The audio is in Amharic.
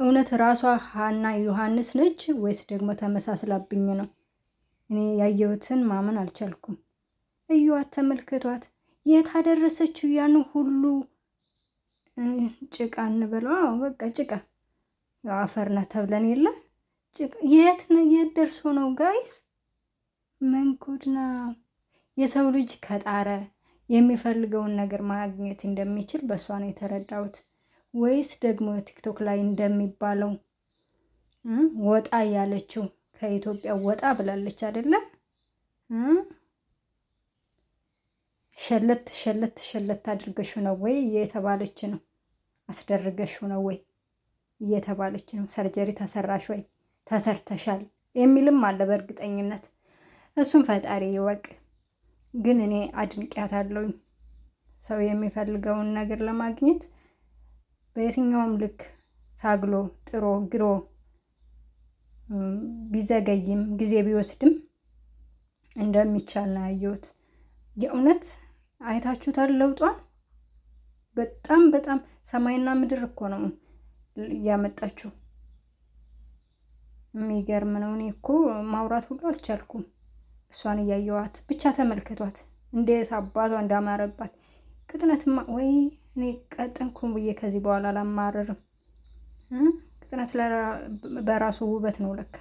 እውነት ራሷ ሀና ዮሐንስ ነች ወይስ ደግሞ ተመሳስላብኝ ነው? እኔ ያየሁትን ማመን አልቻልኩም። እዩዋት፣ ተመልክቷት፣ የት አደረሰችው? ያን ሁሉ ጭቃ እንበለው፣ በቃ ጭቃ አፈርና ተብለን የለ የት የት ደርሶ ነው ጋይስ? መንጉድ ነው። የሰው ልጅ ከጣረ የሚፈልገውን ነገር ማግኘት እንደሚችል በእሷ ነው የተረዳሁት። ወይስ ደግሞ ቲክቶክ ላይ እንደሚባለው ወጣ ያለችው ከኢትዮጵያ ወጣ ብላለች አይደለ? ሸለት ሸለት ሸለት አድርገሽው ነው ወይ እየተባለች ነው። አስደርገሽው ነው ወይ እየተባለች ነው። ሰርጀሪ ተሰራሽ ወይ ተሰርተሻል የሚልም አለ በእርግጠኝነት እሱን ፈጣሪ ይወቅ። ግን እኔ አድንቅያታለሁኝ ሰው የሚፈልገውን ነገር ለማግኘት በየትኛውም ልክ ታግሎ ጥሮ ግሮ ቢዘገይም ጊዜ ቢወስድም እንደሚቻል ነው ያየሁት። የእውነት አይታችሁታል ለውጧን። በጣም በጣም ሰማይና ምድር እኮ ነው እያመጣችሁ። የሚገርም ነው። እኔ እኮ ማውራት ሁሉ አልቻልኩም። እሷን እያየዋት ብቻ ተመልከቷት፣ እንዴት አባቷ እንዳማረባት ቅጥነትማ ወይ እኔ ቀጥንኩም ብዬ ከዚህ በኋላ አላማረርም። ቅጥነት በራሱ ውበት ነው ለካ።